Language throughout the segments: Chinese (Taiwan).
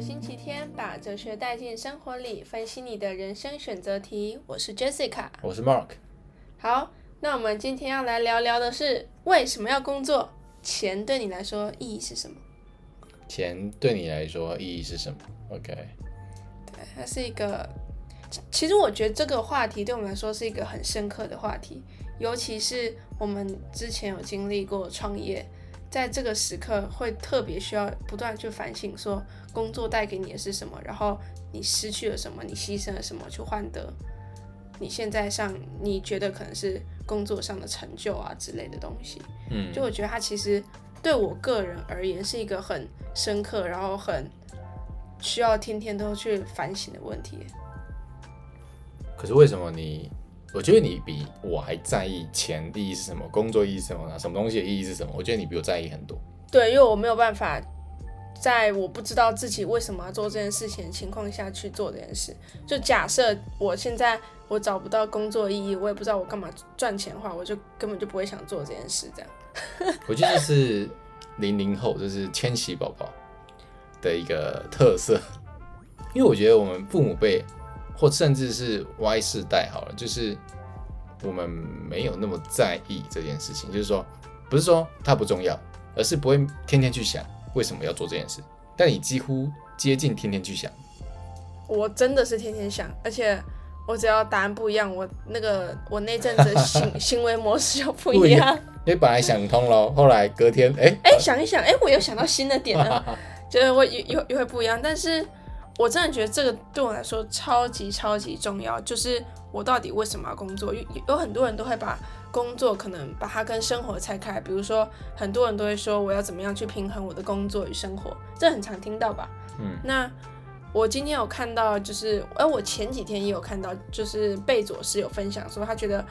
星期天，把哲學帶進生活裡，分析你的人生選擇題。我是 Jessica，我是 Mark。好，那我們今天要來聊聊的是，為什麼要工作？錢對你來說意義是什麼？錢對你來說意義是什麼？OK。對，它是一個。其實我覺得這個話題對我們來說是一個很深刻的話題，尤其是我們之前有經歷過創業。在這個時刻，會特別需要不斷去反省，說工作帶給你的是什麼，然後你失去了什麼，你犧牲了什麼，去換得你現在上你覺得可能是工作上的成就啊之類的東西。嗯，就我覺得它其實對我個人而言是一個很深刻，然後很需要天天都去反省的問題。可是為什麼你？我覺得你比我還在意錢的意義是什麼，工作意義是什麼呢？什麼東西的意義是什麼？我覺得你比我在意很多。對，因為我沒有辦法在我不知道自己為什麼要做這件事情的情況下去做這件事。就假設我現在我找不到工作意義，我也不知道我幹嘛賺錢的話，我就根本就不會想做這件事。這樣， 我覺得這是零零後，就是千禧寶寶的一個特色。因為我覺得我們父母輩。或甚至是 Y 世代好了，就是我們沒有那麼在意這件事情。就是說，不是說它不重要，而是不會天天去想為什麼要做這件事。但你幾乎接近天天去想。我真的是天天想，而且我只要答案不一樣，我那個我那陣子的行行為模式又不一樣。你 本來想通了，後來隔天哎哎、欸欸、想一想，哎、欸、我又想到新的點了， 就是會又又會不一樣，但是。我真的覺得這個對我來說超級超級重要，就是我到底為什麼要工作？有很多人都會把工作可能把它跟生活拆開，比如說很多人都會說我要怎麼樣去平衡我的工作與生活，這很常聽到吧？嗯，那我今天有看到，就是哎，我前幾天也有看到，就是貝佐斯有分享說他覺得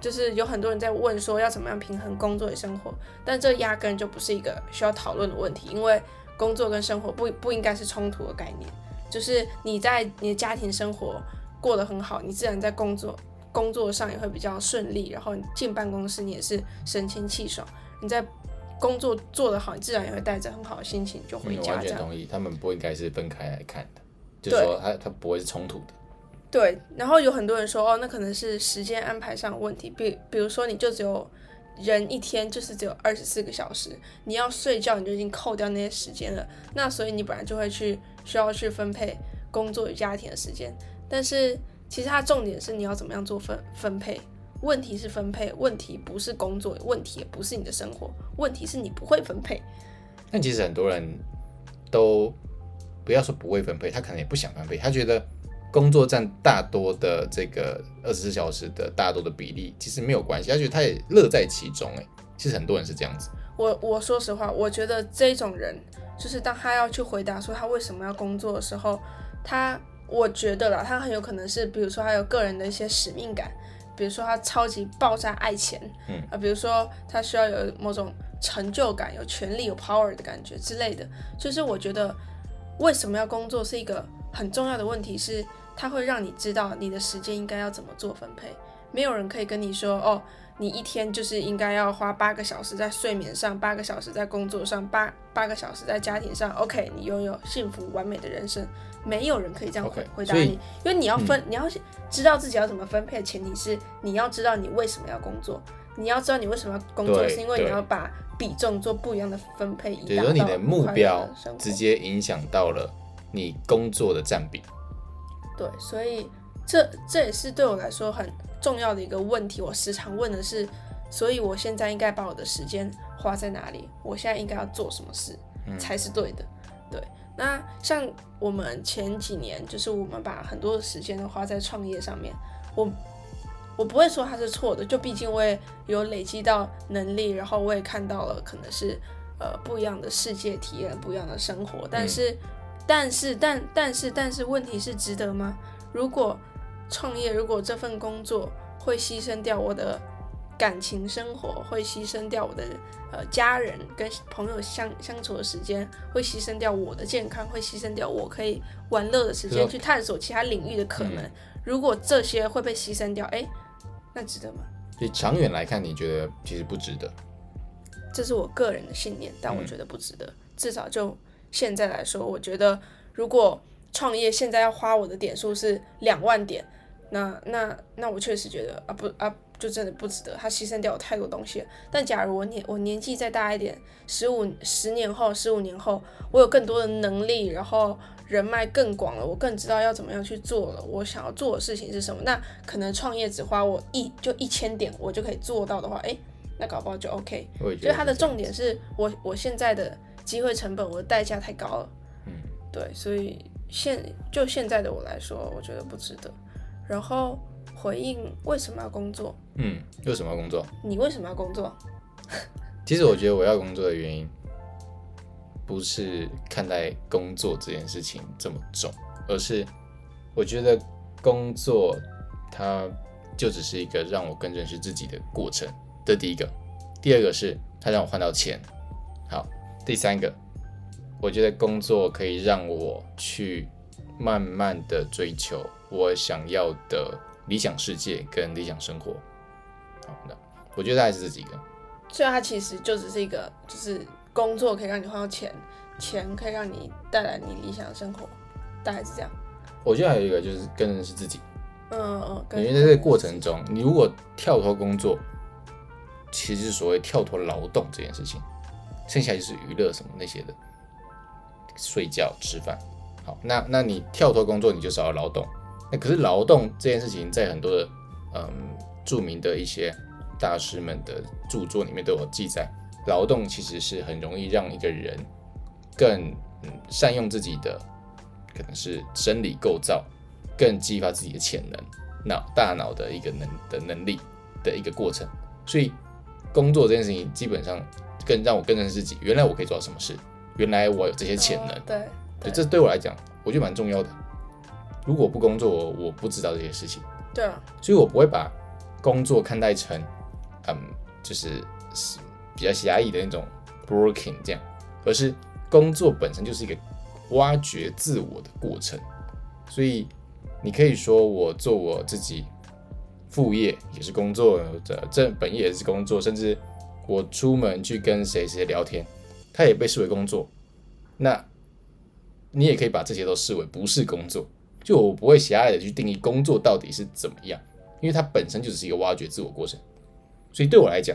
就是有很多人在問說要怎麼樣平衡工作與生活，但這壓根就不是一個需要討論的問題，因為工作跟生活不不應該是衝突的概念。就是你在你的家庭生活過得很好，你自然在工作工作上也會比較順利，然後你進辦公室你也是神清氣爽。你在工作做得好，你自然也會帶着很好的心情就回家這。嗯、完全同意，他們不應該是分開來看的，就是、說他對他不會是衝突的。對，然後有很多人說，哦，那可能是時間安排上的問題。比比如說，你就只有人一天就是只有二十四個小時，你要睡覺你就已經扣掉那些時間了，那所以你本來就會去。需要去分配工作與家庭的時間，但是其實他重點是你要怎麼樣做分分配。問題是分配，問題不是工作，問題也不是你的生活，問題是你不會分配。但其實很多人都不要說不會分配，他可能也不想分配，他覺得工作占大多的這個二十四小時的大多的比例其實沒有關係，他覺得他也樂在其中、欸。哎，其實很多人是這樣子。我我說實話，我覺得這種人，就是當他要去回答說，他為什麼要工作的時候，他我覺得啦，他很有可能是，比如說他有個人的一些使命感，比如說他超級爆炸愛錢，嗯啊，比如說他需要有某種成就感、有權力、有 power 的感覺之類的。就是我覺得，為什麼要工作是一個很重要的問題，是他會讓你知道你的時間應該要怎麼做分配。沒有人可以跟你說哦。你一天就是應該要花八個小時在睡眠上，八個小時在工作上，八八個小時在家庭上。OK，你擁有幸福完美的人生，沒有人可以這樣回回答你，okay, 因為你要分，嗯、你要知道自己要怎麼分配的前提是你要知道你為什麼要工作，你要知道你為什麼要工作，對是因為你要把比重做不一樣的分配的。也就你的目標直接影響到了你工作的占比。對，所以。這這也是對我來說很重要的一個問題。我時常問的是，所以我現在應該把我的時間花在哪裡？我現在應該要做什麼事才是對的？對，那像我們前幾年，就是我們把很多的時間都花在創業上面，我我不會說它是錯的，就畢竟我也有累積到能力，然後我也看到了可能是呃不一樣的世界，體驗不一樣的生活。但是，嗯、但是，但，但是，但是，問題是值得嗎？如果創業，如果這份工作會犧牲掉我的感情生活，會犧牲掉我的呃家人跟朋友相相處的時間，會犧牲掉我的健康，會犧牲掉我可以玩樂的時間，哦、去探索其他領域的可能。嗯、如果這些會被犧牲掉，誒，那值得嗎？所以長遠來看，你覺得其實不值得。這是我個人的信念，但我覺得不值得。嗯、至少就現在來說，我覺得如果創業現在要花我的點數是兩萬點。那那那，那那我確實覺得啊不啊，就真的不值得。他犧牲掉我太多東西了。但假如我年我年紀再大一點，十五十年後，十五年後，我有更多的能力，然後人脈更廣了，我更知道要怎麼樣去做了。我想要做的事情是什麼？那可能創業只花我一就一千點，我就可以做到的話，哎，那搞不好就 OK。所以他的重點是我我現在的機會成本，我的代價太高了。對，所以現就現在的我來說，我覺得不值得。然後回應，為什麼要工作？嗯，為什麼要工作？你為什麼要工作？ 其實我覺得我要工作的原因，不是看待工作這件事情這麼重，而是我覺得工作它就只是一個讓我更認識自己的過程。這第一個，第二個是它讓我換到錢。好，第三個，我覺得工作可以讓我去。慢慢的追求我想要的理想世界跟理想生活。好的，我覺得大概是這幾個。所以它其實就只是一個，就是工作可以讓你換到錢，錢可以讓你帶來你理想的生活，大概是這樣。我覺得還有一個就是更認識自己。嗯嗯。因為在這個過程中，你如果跳脫工作，其實是所謂跳脫勞動這件事情，剩下就是娛樂什麼那些的，睡覺、吃飯。好，那那你跳脫工作，你就少了勞動。那可是勞動這件事情，在很多的嗯著名的一些大師們的著作裡面都有記載，勞動其實是很容易讓一個人更、嗯、善用自己的，可能是生理構造，更激發自己的潛能，腦大腦的一個能的能力的一個過程。所以工作這件事情，基本上更讓我更認識自己，原來我可以做到什麼事，原來我有這些潛能，哦。對。對，這對我來講，我覺得蠻重要的。如果不工作，我不知道這些事情。對啊。所以我不會把工作看待成，嗯，就是比較狹義的那種 working 這樣，而是工作本身就是一個挖掘自我的過程。所以你可以說我做我自己副業也是工作的，這本業也是工作，甚至我出門去跟誰誰聊天，它也被視為工作。那。你也可以把這些都視為不是工作，就我不會狹隘的去定義工作到底是怎麼樣，因為它本身就只是一個挖掘自我過程。所以對我來講，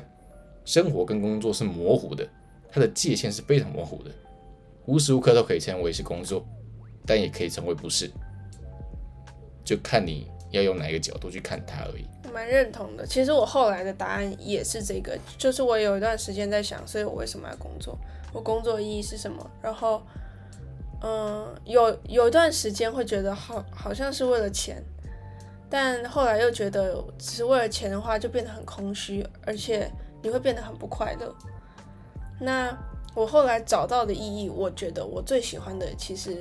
生活跟工作是模糊的，它的界限是非常模糊的，無時無刻都可以稱為是工作，但也可以成為不是，就看你要用哪一個角度去看它而已。我蠻認同的，其實我後來的答案也是這個，就是我有一段時間在想，所以我為什麼要工作，我工作的意義是什麼，然後。嗯，有有一段時間會覺得好，好像是為了錢，但後來又覺得只是為了錢的話，就變得很空虛，而且你會變得很不快樂。那我後來找到的意義，我覺得我最喜歡的其實，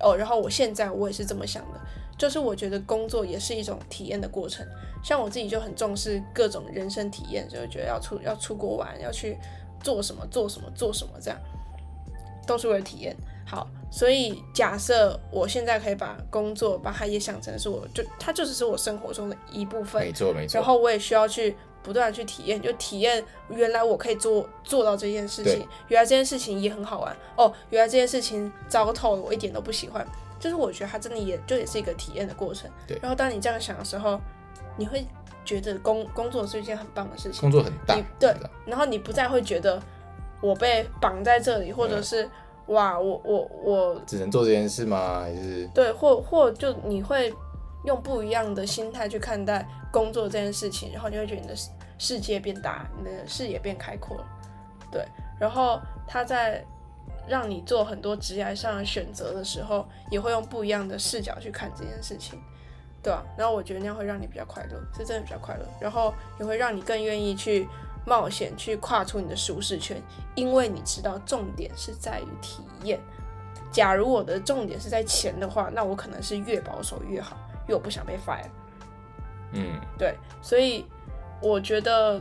哦，然後我現在我也是這麼想的，就是我覺得工作也是一種體驗的過程。像我自己就很重視各種人生體驗，就覺得要出要出國玩，要去做什麼做什麼做什麼這樣，都是為了體驗，好。所以假設我現在可以把工作把它也想成是我就它就只是我生活中的一部分，沒錯沒錯。沒錯，然後我也需要去不斷的去體驗，就體驗原來我可以做做到這件事情，對原來這件事情也很好玩哦，原來這件事情糟透了，我一點都不喜歡。就是我覺得它真的也就也是一個體驗的過程。對。然後當你這樣想的時候，你會覺得工工作是一件很棒的事情，工作很大，對。大然後你不再會覺得我被綁在這裡，或者是。哇，我我我只能做這件事嗎？還是對，或或就你會用不一樣的心態去看待工作這件事情，然後你會覺得你的世界變大，你的視野變開闊了，對。然後他在讓你做很多職業上選擇的時候，也會用不一樣的視角去看這件事情，對，然後我覺得那樣會讓你比較快樂，是真的比較快樂，然後也會讓你更願意去。冒險去跨出你的舒適圈，因為你知道重點是在於體驗。假如我的重點是在錢的話，那我可能是越保守越好，越我不想被 fire。嗯，對，所以我覺得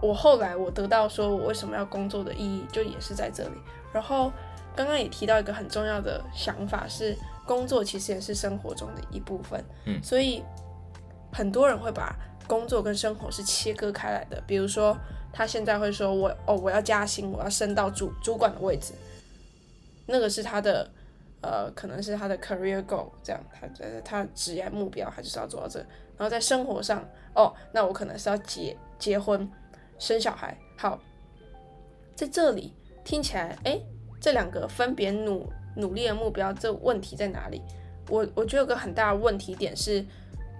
我後來我得到說我為什麼要工作的意義，就也是在這裡。然後剛剛也提到一個很重要的想法，是工作其實也是生活中的一部分。嗯，所以很多人會把。工作跟生活是切割開來的，比如說他現在會說我：“我哦，我要加薪，我要升到主主管的位置，那個是他的，呃，可能是他的 career goal，這樣，他他職業目標，他就是要做到這。然後在生活上，哦，那我可能是要結結婚、生小孩。好，在這裡聽起來，哎，這兩個分別努努力的目標，這個問題在哪裡？我我覺得有個很大的問題點是。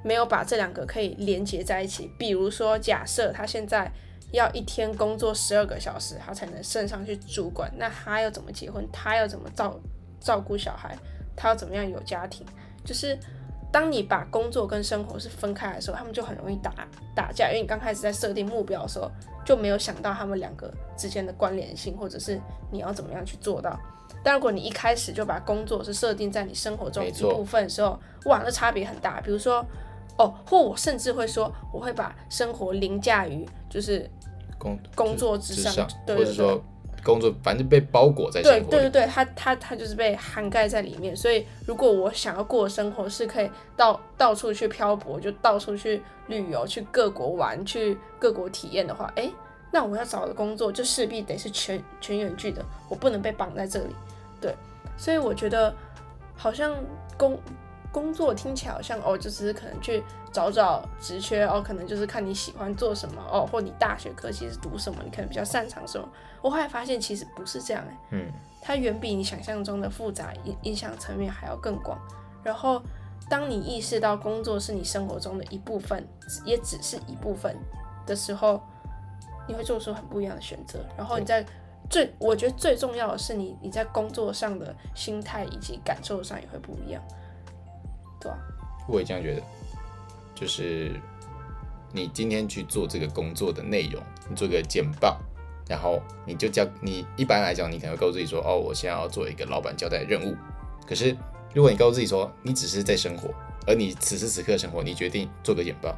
沒有把這兩個可以連接在一起，比如說，假設他現在要一天工作十二個小時，他才能升上去主管，那他要怎麼結婚？他要怎麼照照顧小孩？他要怎麼樣有家庭？就是當你把工作跟生活是分開的時候，他們就很容易打打架，因為你剛開始在設定目標的時候就沒有想到他們兩個之間的關聯性，或者是你要怎麼樣去做到。但如果你一開始就把工作是設定在你生活中一部分的時候，沒錯。哇，那差別很大。比如說。哦，或我甚至會說，我會把生活凌駕於就是工工作之上，對，或者說工作，反正被包裹在裡面，對對對對，它它，它就是被涵蓋在裡面。所以，如果我想要過的生活，是可以到到處去漂泊，就到處去旅遊，去各國玩，去各國體驗的話，哎、欸，那我要找的工作就勢必得是全全遠距的，我不能被綁在這裡。對，所以我覺得好像工，工作聽起來好像哦，就是可能去找找職缺哦，可能就是看你喜歡做什麼哦，或你大學科系是讀什麼，你可能比較擅長什麼。我後來發現其實不是這樣哎，嗯，它遠比你想象中的複雜，影影響層面還要更廣。然後當你意識到工作是你生活中的一部分，也只是一部分的時候，你會做出很不一樣的選擇。然後你在、嗯、最我覺得最重要的是你你在工作上的心態以及感受上也會不一樣。我也這樣覺得，就是你今天去做這個工作的內容，你做個簡報，然後你就叫你一般來講，你可能會告訴自己說，哦，我現在要做一個老板交代任務。可是，如果你告訴自己說，你只是在生活，而你此時此刻生活，你決定做個簡報，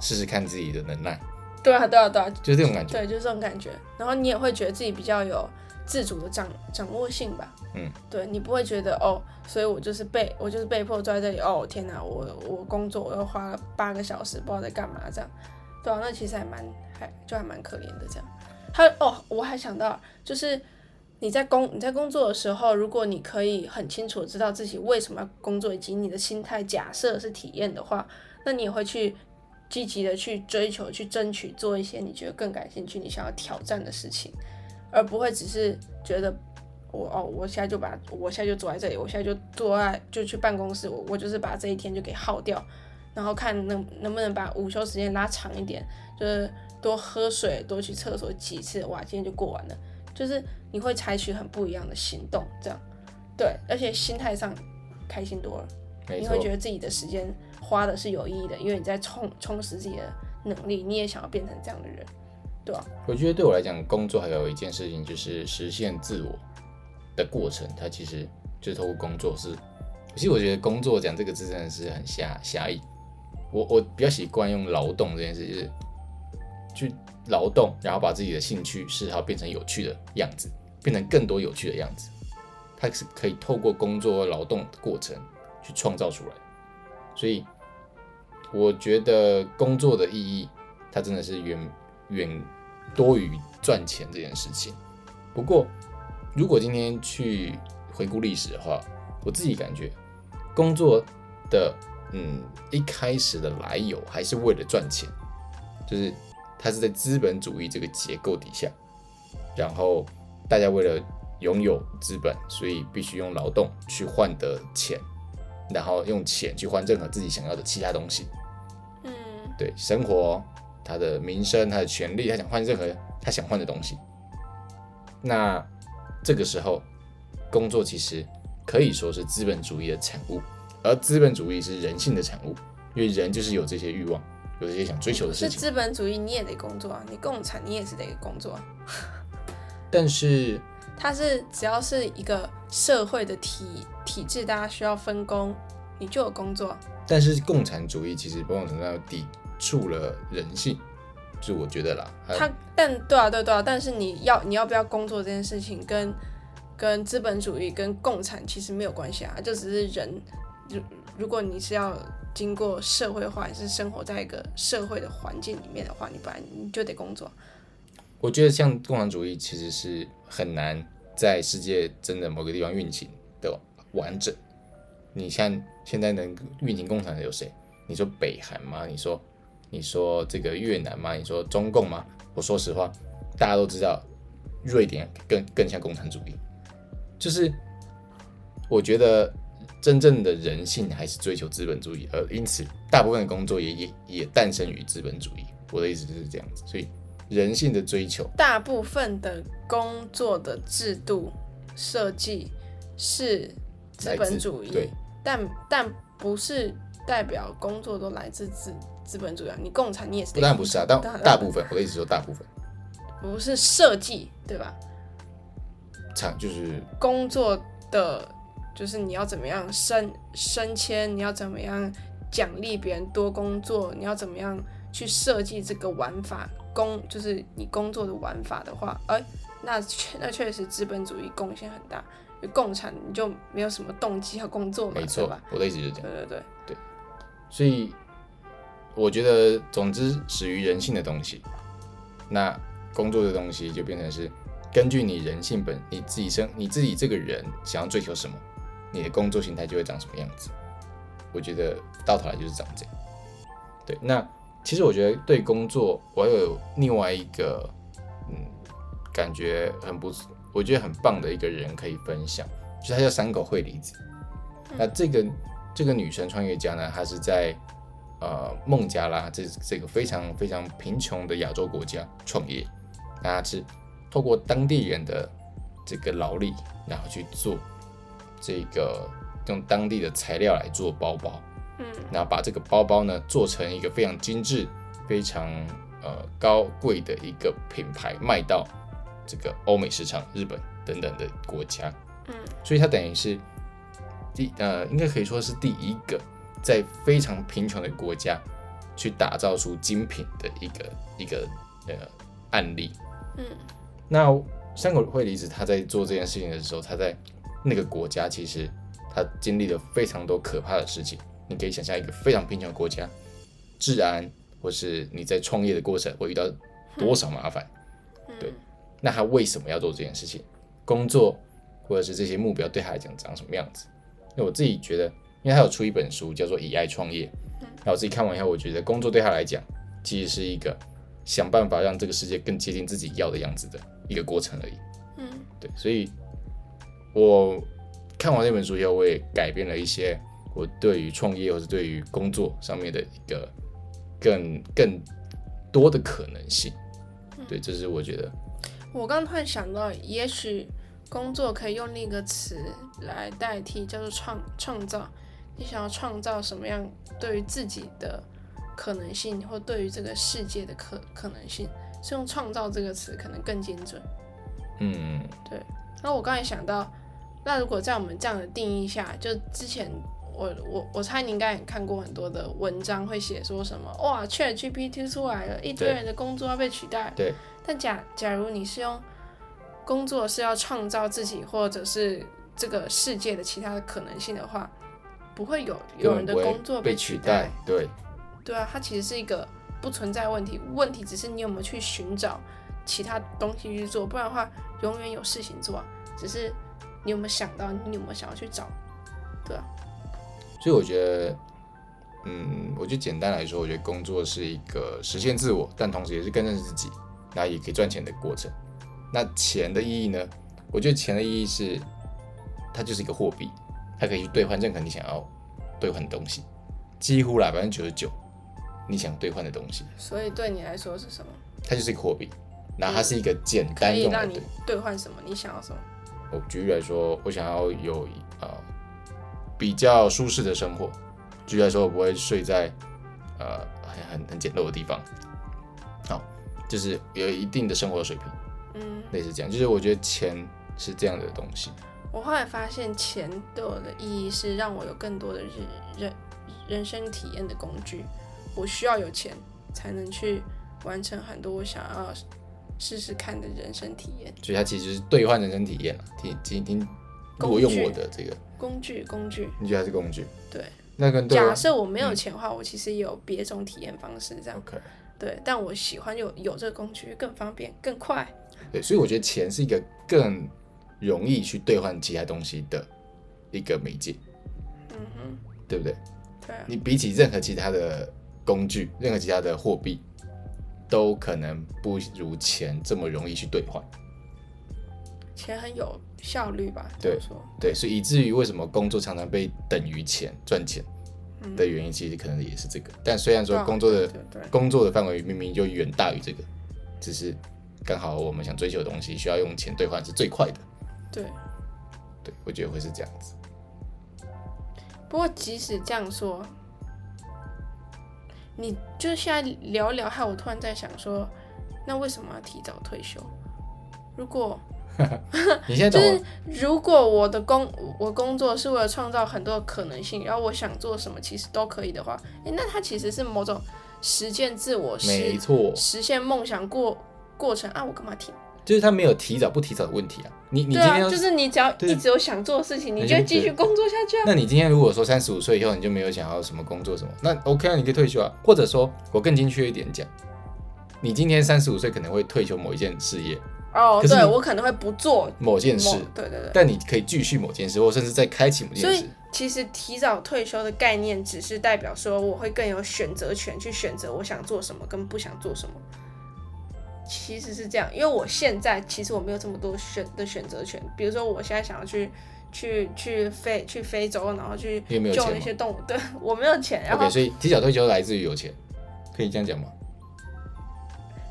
試試看自己的能耐。對啊，對啊，對啊，就是這種感覺，對，就是這種感覺。然後你也會覺得自己比較有。自主的掌掌握性吧，嗯，對，你不會覺得哦，所以我就是被我就是被迫坐在這裡哦，天哪，我我工作我又花了八個小時，不知道在幹嘛這樣，對啊，那其實還蠻還就還蠻可憐的這樣。他哦，我還想到就是你在工你在工作的時候，如果你可以很清楚知道自己為什麼要工作，以及你的心態假設是體驗的話，那你也會去積極的去追求、去爭取做一些你覺得更感興趣、你想要挑戰的事情。而不會只是覺得我哦，我現在就把我現在就坐在這裡，我現在就坐在就去辦公室，我我就是把這一天就給耗掉，然後看能能不能把午休時間拉長一點，就是多喝水，多去廁所幾次，哇，今天就過完了，就是你會採取很不一樣的行動，這樣，對，而且心態上開心多了，沒錯。你會覺得自己的時間花的是有意義的，因為你在充充實自己的能力，你也想要變成這樣的人。對啊，我覺得對我來講，工作還有一件事情就是實現自我的過程。它其實就是透過工作是，其實我覺得工作講這個字真的是很狹狹義。我我比較習慣用勞動這件事，就是去勞動，然後把自己的興趣是它變成有趣的樣子，變成更多有趣的樣子。它是可以透過工作和勞動的過程去創造出來。所以我覺得工作的意義，它真的是遠遠多於賺錢這件事情。不過，如果今天去回顧歷史的話，我自己感覺工作的嗯，一開始的來由還是為了賺錢，就是它是在資本主義這個結構底下，然後大家為了擁有資本，所以必須用勞動去換得錢，然後用錢去換任何自己想要的其他東西。嗯，對，生活。他的名聲，他的權利，他想換任何他想換的東西。那這個時候，工作其實可以說是資本主義的產物，而資本主義是人性的產物，因為人就是有這些慾望，有這些想追求的事情。嗯、是資本主義，你也得工作啊，你共產你也是得工作，啊。 但是，它是只要是一個社會的體體制，大家需要分工，你就有工作。但是共產主義其實某種程度要低。觸了人性，就我覺得啦。呃、他但對啊對對啊，但是你要你要不要工作這件事情，跟跟資本主義跟共產其實沒有關係啊，就只是人，如如果你是要經過社會化，是生活在一個社會的環境裡面的話，你不然你就得工作。我覺得像共產主義其實是很難在世界真的某個地方運行的完整。你像現在能運行共產的有誰？你說北韓嗎？你說……你說這個越南嗎？你說中共嗎？我說實話，大家都知道，瑞典更更像共產主義，就是我覺得真正的人性還是追求資本主義，呃，因此大部分的工作也也也誕生於資本主義。我的意思就是這樣子，所以人性的追求，大部分的工作的制度設計是資本主義，對，但但不是代表工作都來自自。資本主義，你共產你也是，當然不，不是啊，但大部分大我的意思說大部分不是設計對吧？產就是工作的，就是你要怎麼樣升升遷，你要怎麼樣獎勵別人多工作，你要怎麼樣去設計這個玩法，工就是你工作的玩法的話，哎、欸，那那確實資本主義貢獻很大，共產你就沒有什麼動機和工作嘛，沒錯錯，吧我的意思是這樣，對對對對，對所以。我覺得，總之始於人性的東西，那工作的東西就變成是根據你人性本你自己生你自己這個人想要追求什麼，你的工作心態就會長什麼樣子。我覺得到頭來就是長這樣。對，那其實我覺得對工作，我還有另外一個嗯，感覺很不錯，我覺得很棒的一個人可以分享，就是他叫山口繪理子。那這個這個女生創業家呢，她是在。呃，孟加拉，這這個非常非常貧窮的亞洲國家，創業，他是透過當地人的這個勞力，然後去做這個用當地的材料來做包包，嗯，然後把這個包包呢做成一個非常精緻、非常呃高貴的一個品牌，賣到這個歐美市場、日本等等的國家，嗯，所以他等於是第呃，應該可以說是第一個。在非常貧窮的國家，去打造出精品的一個一個呃案例，嗯，那山口惠梨子她在做這件事情的時候，她在那個國家其實她經歷了非常多可怕的事情。你可以想象一個非常貧窮的國家，治安或是你在創業的過程會遇到多少麻煩，嗯、對。那他為什麼要做這件事情？工作或者是這些目標對他來講長什麼樣子？那我自己覺得。因為他有出一本書叫做《以愛創業》，那我、嗯、自己看完以後，我覺得工作對他來講其實是一個想辦法讓這個世界更接近自己要的樣子的一個過程而已。嗯，對，所以我看完那本書以後，我也改變了一些我對於創業或是對於工作上面的一個更更多的可能性。嗯、對，這、就是我覺得。我剛剛突然想到，也許工作可以用另一個詞來代替，叫做創“創創造”。你想要創造什麼樣對於自己的可能性，或對於這個世界的可可能性，是用“創造”這個詞可能更精準。嗯，對。那我剛才想到，那如果在我們這樣的定義下，就之前我我我猜你應該也看過很多的文章，會寫說什麼哇，ChatGPT 出來了，一堆人的工作要被取代。對。對但假假如你是用工作是要創造自己或者是這個世界的其他的可能性的話。不會有有人的工作被取代，取代對，對啊，它其實是一個不存在問題，問題只是你有沒有去尋找其他東西去做，不然的話永遠有事情做，只是你有沒有想到，你有沒有想要去找，對啊。所以我覺得，嗯，我覺得簡單來說，我覺得工作是一個實現自我，但同時也是更認識自己，那也可以賺錢的過程。那錢的意義呢？我覺得錢的意義是，它就是一個貨幣。它可以去兌換任何你想要兌換的東西，幾乎啦，百分之九十九，你想兌換的東西。所以對你來說是什麼？它就是一個貨幣，那它是一個簡單用的。可以讓那你兌換什麼？你想要什麼？我舉例來說，我想要有呃比較舒適的生活。舉例來說，我不會睡在呃很很很簡陋的地方。好，就是有一定的生活水平。嗯，類似這樣，就是我覺得錢是這樣的東西。我後來發現，錢對我的意義是讓我有更多的日人人生體驗的工具。我需要有錢，才能去完成很多我想要試試看的人生體驗。所以它其實是兌換人生體驗了，挺挺挺。如果用我的這個工具工具，工具你覺得它是工具？對，那更多假設我沒有錢的話，嗯、我其實也有別種體驗方式，這樣 Okay. 對。但我喜歡有有這個工具，更方便更快。對，所以我覺得錢是一個更。容易去兌換其他東西的一個媒介，嗯哼，對不對？對啊。你比起任何其他的工具，任何其他的貨幣，都可能不如錢這麼容易去兌換。錢很有效率吧？對，對，所以以至於為什麼工作常常被等於錢賺錢的原因，其實可能也是這個。嗯，但雖然說工作的工作的範圍明明就遠大於這個，只是剛好我們想追求的東西需要用錢兌換是最快的。對，對，我覺得會是這樣子。不過即使這樣說，你就現在聊聊，害我突然在想說，那為什麼要提早退休？如果 就是如果我的工我工作是為了創造很多可能性，然後我想做什麼其實都可以的話，哎，那它其實是某種實踐自我，沒錯，實現夢想過過程啊，我幹嘛停？就是他沒有提早不提早的問題啊，你你今天對、啊、就是你只要一直對有想做的事情，你就繼續工作下去啊。那你今天如果說三十五歲以後你就沒有想要什麼工作什麼，那 OK、啊、你可以退休啊。或者說我更精確一點講，你今天三十五歲可能會退休某一件事業哦，oh, 對我可能會不做某件事，對對對。但你可以繼續某件事，或甚至再開啟某件事。所以其實提早退休的概念，只是代表說我會更有選擇權去選擇我想做什麼跟不想做什麼。其實是這樣，因為我現在其實我沒有這麼多選的選擇權。比如說，我現在想要去去去非去非洲，然後去救那些動物，對，我沒有錢。OK，然後所以提早退休來自於有錢，可以這樣講嗎？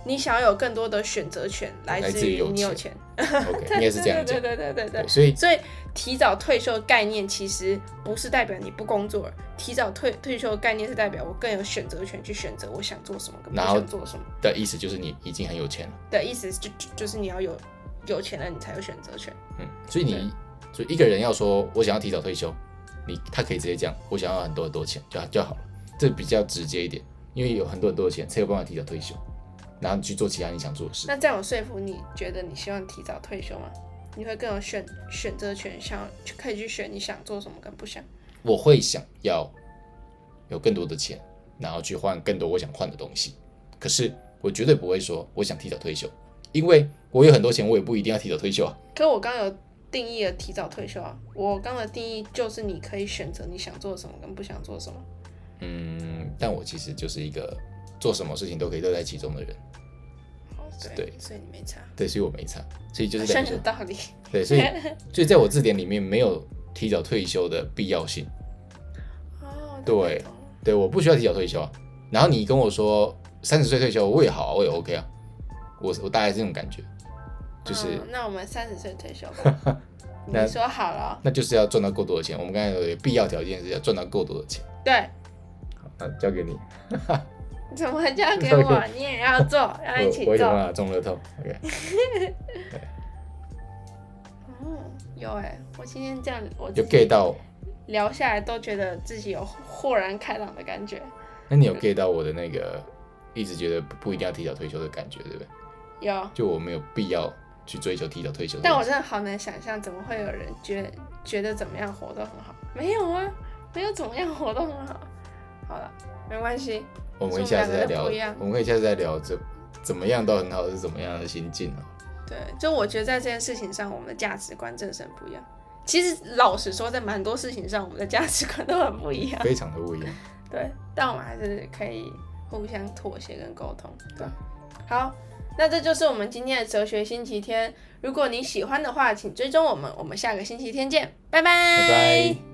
你想要有更多的選擇權，來自於你有錢。有錢 OK，你也是這樣。 對,對對對對對。對所以所以提早退休概念其實不是代表你不工作了，提早退退休概念是代表我更有選擇權去選擇我想做什麼跟不想做什麼。的意思就是你已經很有錢了。的意思就就是、就是你要有有錢了，你才有選擇權。嗯，所以你對所以一個人要說我想要提早退休，你他可以直接講我想要很多很多錢就就好了，這比較直接一點，因為有很多很多的錢才有辦法提早退休。然後你去做其他你想做的事。那這樣我說服你覺得你希望提早退休嗎？你會更有選選擇權，想可以去選你想做什麼跟不想。我會想要有更多的錢，然後去換更多我想換的東西。可是我絕對不會說我想提早退休，因為我有很多錢，我也不一定要提早退休啊。可我剛有定義了提早退休啊，我剛的定義就是你可以選擇你想做什麼跟不想做什麼。嗯，但我其實就是一個。做什麼事情都可以樂在其中的人，對，對所以你沒差，對，所以我沒差，所以就是很有、啊、道理， 對，所以所以在我字典裡面沒有提早退休的必要性， 對、哦、對，我不需要提早退休啊。然後你跟我說三十歲退休，我也好、啊、我也 OK 啊，我我大概是這種感覺，就是、哦、那我們三十歲退休吧， 那你說好了，那就是要賺到夠多的錢。我們剛才說的必要條件是要賺到夠多的錢，對，好，那交給你。 怎麼交給我？Okay. 你也要做，要一起做。 我，我中樂透，OK 對。哦、嗯，有哎、欸，我今天這樣，我就 get 到，聊下來都覺得自己有豁然開朗的感覺。那你有 get 到我的那個，一直覺得不一定要提早退休的感覺，對不對？有。就我沒有必要去追求提早退休的，但我真的好難想象，怎麼會有人覺得覺得怎麼樣活得很好？沒有啊，沒有怎麼樣活得很好。好了，沒關係。我們下次再聊。我們可以下次再聊，怎怎麼樣都很好，是怎麼樣的心境啊？對，就我覺得在這件事情上，我們的價值觀真的是很不一樣。其實老實說，在蠻多事情上，我們的價值觀都很不一樣，非常的不一樣。對，但我們還是可以互相妥協跟溝通。對，好，那這就是我們今天的哲學星期天。如果你喜歡的話，請追蹤我們。我們下個星期天見，拜拜。拜拜。